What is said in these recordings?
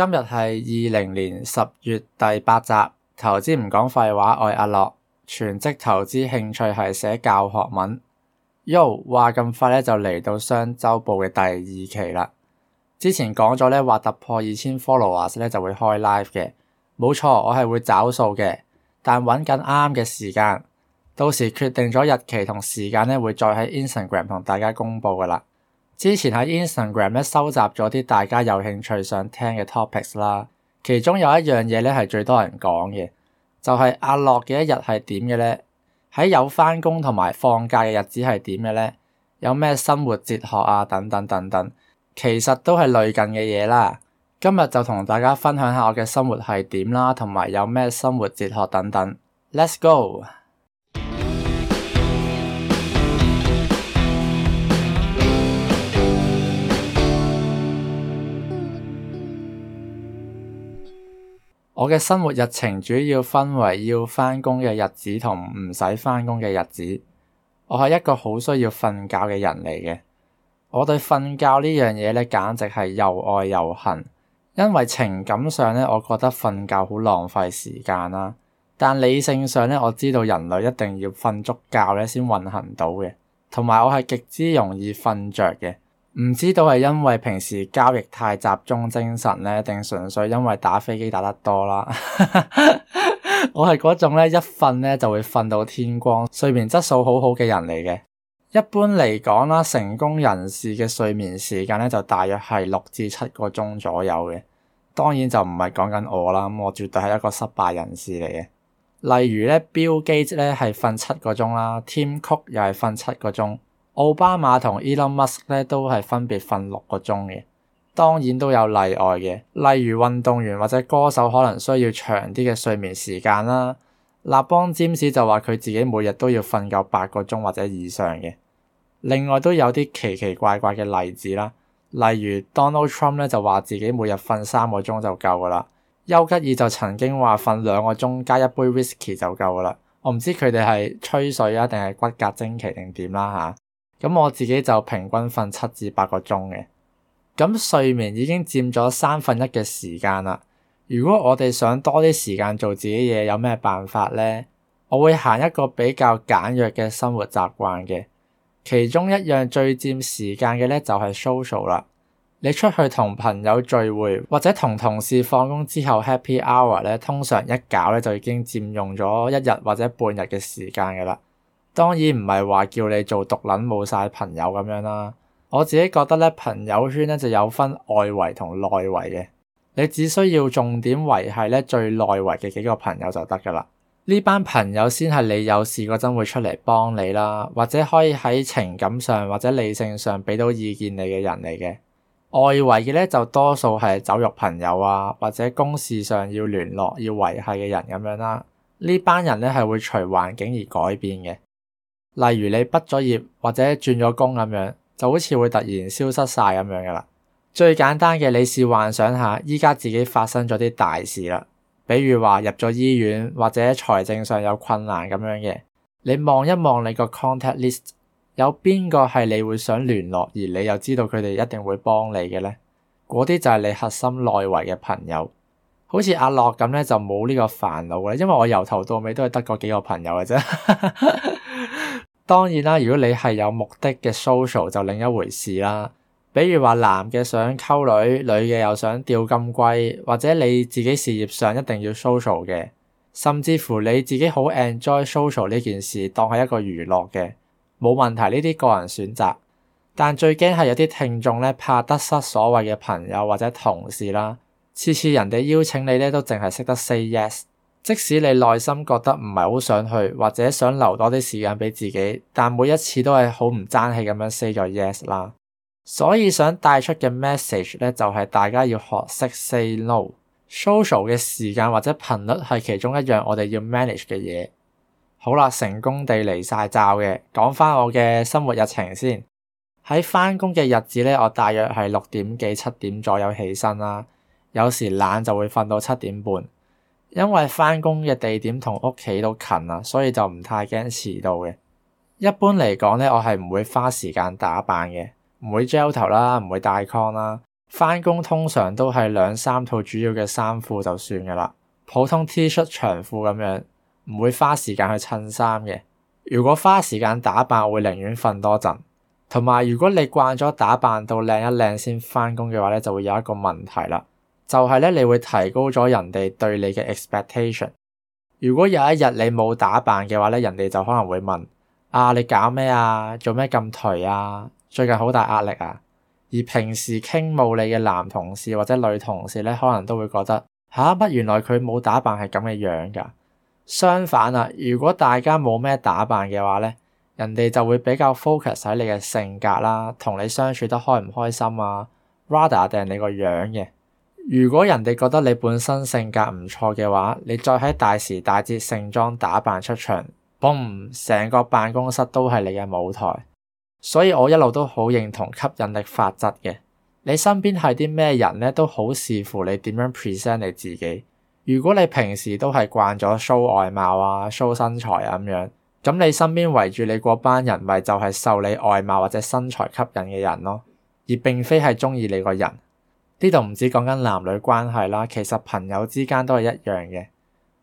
今日係二零年十月第八集，投資唔講廢話，愛阿樂全職投資興趣係寫教學文。Yo 話咁快咧就嚟到雙周報嘅第二期啦，之前講咗咧話突破二千 followers 咧就會開 live 嘅，冇錯，我係會找數嘅，但揾緊啱嘅時間，到時決定咗日期同時間咧會再喺 Instagram 同大家公布噶啦。之前喺 Instagram 咧收集咗啲大家有興趣想聽嘅 topics 啦，其中有一樣嘢咧係最多人講嘅，就係阿樂嘅一日係點嘅呢？喺有返工同埋放假嘅日子係點嘅呢？有咩生活哲學啊等等等等，其實都係類近嘅嘢啦。今日就同大家分享下我嘅生活係點啦，同埋有咩生活哲學等等。Let's go！我嘅生活日程主要分為要返工嘅日子同唔使返工嘅日子。我係一個好需要瞓覺嘅人嚟嘅。我對瞓覺呢樣嘢咧，簡直係又愛又恨。因為情感上咧，我覺得瞓覺好浪費時間啦。但理性上咧，我知道人類一定要瞓足覺咧先運行到嘅。同埋我係極之容易瞓着嘅。唔知道係因為平時交易太集中精神咧，定純粹因為打飛機打得多啦。 我係嗰種咧，一瞓咧就會瞓到天光，睡眠質素好好嘅人嚟嘅。一般嚟講啦，成功人士嘅睡眠時間咧就大約係六至七個鐘左右嘅。當然就唔係講緊我啦，我絕對係一個失敗人士嚟嘅。例如咧，Bill Gates 咧係瞓七個鐘啦，Tim Cook 又係瞓七個鐘。奧巴馬同 Elon Musk 咧都係分別瞓六個鐘嘅，當然都有例外嘅，例如運動員或者歌手可能需要長啲嘅睡眠時間啦。立邦詹姆斯就話佢自己每日都要瞓夠八個鐘或者以上嘅。另外都有啲奇奇怪怪嘅例子啦，例如 Donald Trump 咧就話自己每日瞓三個鐘就夠㗎喇。丘吉爾就曾經話瞓兩個鐘加一杯 whisky 就夠㗎喇。我唔知佢哋係吹水啊，定係骨骼精奇定點啦吓。咁我自己就平均瞓七至八個鐘嘅，咁睡眠已經佔咗三分一嘅時間啦。如果我哋想多啲時間做自己嘢，有咩辦法咧？我會行一個比較簡約嘅生活習慣嘅，其中一樣最佔時間嘅咧就係 social 啦。你出去同朋友聚會，或者同同事放工之後 happy hour 咧，通常一搞咧就已經佔用咗一日或者半日嘅時間嘅啦。當然唔係話叫你做毒撚冇晒朋友咁樣啦。我自己覺得咧，朋友圈咧就有分外圍同內圍嘅。你只需要重點維係咧最內圍嘅幾個朋友就得噶啦。呢班朋友先係你有事嗰陣會出嚟幫你啦，或者可以喺情感上或者理性上俾到意見你嘅人嚟嘅。外圍嘅咧就多數係酒肉朋友啊，或者公事上要聯絡要維係嘅人咁樣啦。呢班人咧係會隨環境而改變嘅。例如你畢咗業或者轉咗工咁樣，就好似會突然消失晒咁樣嘅啦。最簡單嘅，你試幻想下，依家自己發生咗啲大事啦，比如話入咗醫院或者財政上有困難咁樣嘅。你望一望你個 contact list，有邊個係你會想聯絡而你又知道佢哋一定會幫你嘅呢？嗰啲就係你核心內圍嘅朋友。好似阿樂咁咧，就冇呢個煩惱啦，因為我由頭到尾都係得嗰幾個朋友嘅啫。當然啦，如果你係有目的嘅 social 就另一回事啦。比如話男嘅想溝女，女嘅又想釣金龜，或者你自己事業上一定要 social 嘅，甚至乎你自己好 enjoy social 呢件事當係一個娛樂嘅，冇問題，呢啲個人選擇。但最驚係有啲聽眾咧，怕得失，所謂嘅朋友或者同事啦，次次人哋邀請你咧都淨係識得 say yes。即使你內心覺得唔係好想去，或者想留多啲時間俾自己，但每一次都係好唔爭氣咁樣 say 咗 yes 啦。所以想帶出嘅 message 咧就係、是、大家要學識 say no。social 嘅時間或者頻率係其中一樣我哋要 manage 嘅嘢。好啦，成功地離晒罩嘅，講翻我嘅生活日程先。喺返工嘅日子咧，我大約係六點幾七點左右起身啦，有時懶就會瞓到七點半。因為返工嘅地點同屋企都近啦，所以就唔太驚遲到嘅。一般嚟講咧，我係唔會花時間打扮嘅，唔會 gel 頭啦，唔會戴 con 啦。返工通常都係兩三套主要嘅衫褲就算噶啦，普通 T 恤長褲咁樣，唔會花時間去襯衫嘅。如果花時間打扮，我會寧願瞓多陣。同埋如果你慣咗打扮到靚一靚先返工嘅話咧，就會有一個問題啦。就係咧，你會提高咗人哋對你嘅 expectation。如果有一日你冇打扮嘅話咧，人哋就可能會問：啊，你搞咩啊？做咩咁頹啊？最近好大壓力啊！而平時傾慕你嘅男同事或者女同事咧，可能都會覺得嚇，乜、啊、原來佢冇打扮係咁嘅樣㗎。相反啊，如果大家冇咩打扮嘅話咧，人哋就會比較 focus 喺你嘅性格啦，同你相處得開唔開心啊，rather 定係你個樣嘅。如果人哋覺得你本身性格唔錯嘅話，你再喺大時大節盛裝打扮出場，boom，成個辦公室都係你嘅舞台。所以我一路都好認同吸引力法則嘅。你身邊係啲咩人咧，都好視乎你點樣 present 你自己。如果你平時都係慣咗 show 外貌啊、show 身材啊咁樣，咁你身邊圍住你嗰班人，咪就係受你外貌或者身材吸引嘅人咯，而並非係中意你個人。呢度唔止講緊男女關係啦，其實朋友之間都係一樣嘅。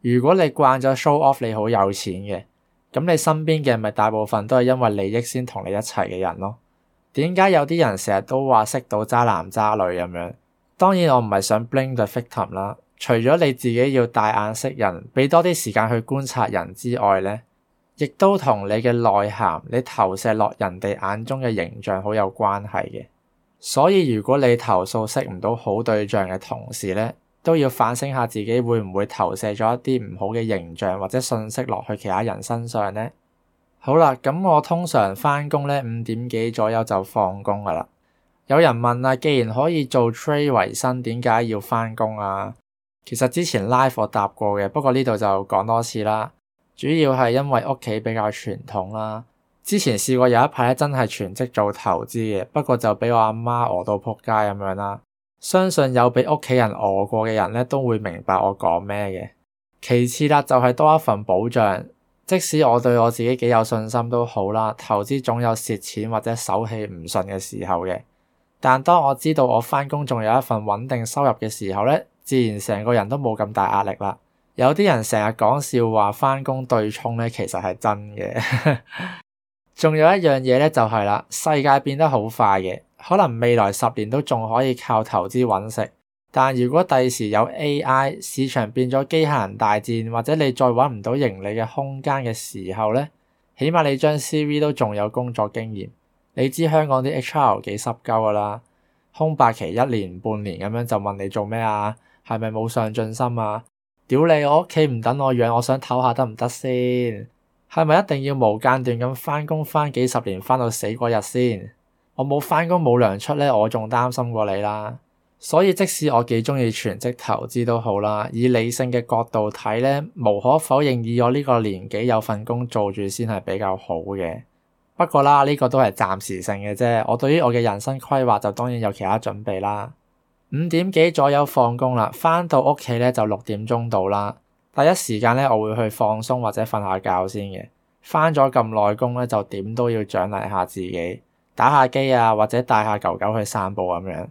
如果你慣咗 show off 你好有錢嘅，咁你身邊嘅咪大部分都係因為利益先同你一齊嘅人咯。點解有啲人成日都話識到渣男渣女咁樣？當然我唔係想 blame the victim 啦。除咗你自己要帶眼識人，俾多啲時間去觀察人之外咧，亦都同你嘅內涵、你投射落人哋眼中嘅形象好有關係嘅。所以如果你投訴識唔到好對象嘅同時咧，都要反省下自己會唔會投射咗一啲唔好嘅形象或者信息落去其他人身上咧。好啦，咁我通常翻工咧五點幾左右就放工噶啦。有人問啊，既然可以做 trade 維生，點解要翻工啊？其實之前 live 我答過嘅，不過呢度就講多次啦。主要係因為屋企比較傳統啦。之前試過有一排咧，真係全職做投資嘅，不過就俾我阿媽餓到撲街咁樣啦。相信有俾屋企人餓過嘅人咧，都會明白我講咩嘅。其次啦，就係多一份保障，即使我對我自己幾有信心都好啦，投資總有蝕錢或者手氣唔順嘅時候嘅。但當我知道我翻工仲有一份穩定收入嘅時候咧，自然成個人都冇咁大壓力啦。有啲人成日講笑話，翻工對沖咧，其實係真嘅。 仲有一樣嘢咧，就係啦，世界變得好快嘅，可能未來十年都仲可以靠投資揾食，但如果第時有 AI，市場變咗機械人大戰，或者你再揾唔到盈利嘅空間嘅時候咧，起碼你張 CV 都仲有工作經驗。你知香港啲 HR 幾濕鳩噶啦，空白期一年半年咁樣就問你做咩啊，係咪冇上進心啊？屌你，我屋企唔等我養，我想唞下得唔得先？係咪一定要無間斷咁翻工翻幾十年翻到死嗰日先？我冇翻工冇糧出咧，我仲擔心過你啦。所以即使我幾中意全職投資都好啦，以理性嘅角度睇咧，無可否認，以我呢個年紀有份工做住先係比較好嘅。不過啦，呢個都係暫時性嘅啫。我對於我嘅人生規劃就當然有其他準備啦。五點幾左右放工啦，翻到屋企咧就六點鐘到啦。第一時間咧，我會去放鬆或者瞓下覺先嘅。返咗咁耐工咧，就點都要獎勵下自己，打下機啊，或者帶下狗狗去散步咁樣。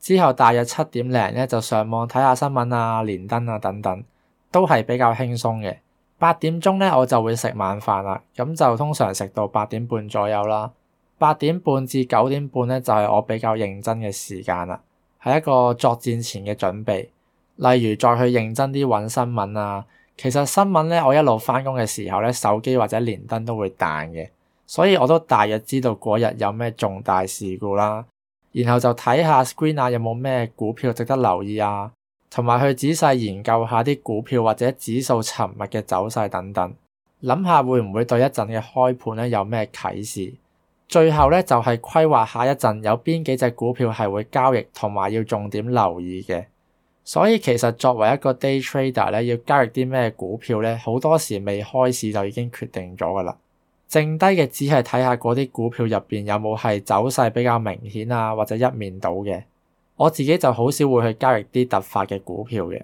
之後大約七點零咧，就上網睇下新聞啊、連登啊等等，都係比較輕鬆嘅。八點鐘咧，我就會食晚飯啦，咁就通常食到八點半左右啦。八點半至九點半咧，就係我比較認真嘅時間啦，係一個作戰前嘅準備。例如再去認真啲揾新聞啊，其實新聞呢，我一路翻工嘅時候呢，手機或者連登都會彈嘅，所以我都大約知道嗰日有咩重大事故啦。然後就睇下 Screener 啊、er、有冇咩股票值得留意啊，同埋去仔細研究下啲股票或者指數尋晚嘅走勢等等，諗下會唔會對一陣嘅開盤呢有咩啟示。最後呢，就係、是、規劃下一陣有邊幾隻股票係會交易，同埋要重點留意嘅。所以其實作為一個 day trader 咧，要交易啲咩股票咧，好多時未開市就已經決定咗噶啦。剩低嘅只係睇下嗰啲股票入邊有冇係走勢比較明顯啊，或者一面倒嘅。我自己就好少會去交易啲突發嘅股票嘅，例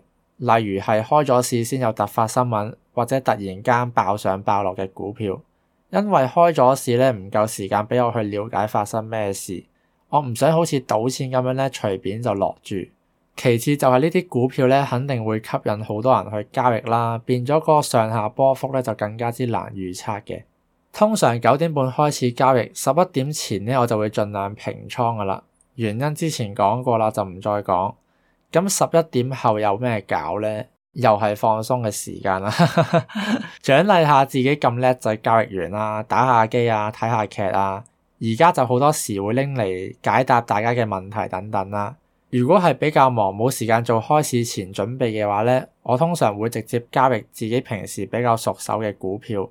如係開咗市先有突發新聞或者突然間爆上爆落嘅股票，因為開咗市咧唔夠時間俾我去了解發生咩事，我唔想好似賭錢咁樣咧隨便就落注。其次就係呢啲股票咧，肯定會吸引好多人去交易啦，變咗嗰個上下波幅咧就更加之難預測嘅。通常九點半開始交易，十一點前咧我就會盡量平倉噶啦，原因之前講過啦，就唔再講。咁十一點後有咩搞咧？又係放鬆嘅時間啦，獎 勵下自己咁叻就係交易員啦，打下機啊，睇下劇啊。而家就好多時會拎嚟解答大家嘅問題等等啦。如果係比較忙冇時間做開市前準備嘅話呢，我通常會直接交易自己平時比較熟手嘅股票，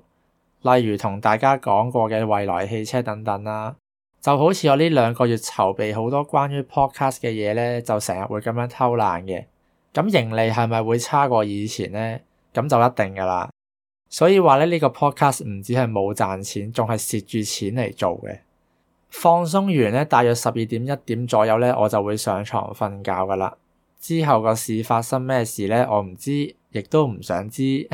例如同大家講過嘅蔚來汽車等等啦。就好似我呢兩個月籌備好多關於 podcast 嘅嘢呢，就成日會咁樣偷懶嘅。咁盈利係咪會差過以前呢？咁就一定噶啦。所以話咧，呢個 podcast 唔止係冇賺錢，仲係蝕住錢嚟做嘅。放鬆完咧，大約十二點一點左右咧，我就會上床瞓覺噶啦。之後個事發生咩事咧，我唔知，亦都唔想知。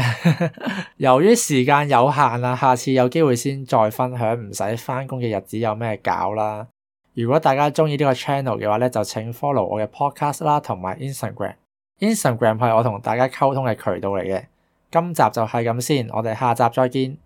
由於時間有限啦，下次有機會先再分享，唔使翻工嘅日子有咩搞啦。如果大家中意呢個 channel 嘅話咧，就請 follow 我嘅 podcast 啦，同埋 Instagram。Instagram 係我同大家溝通嘅渠道嚟嘅。今集就係咁先，我哋下集再見。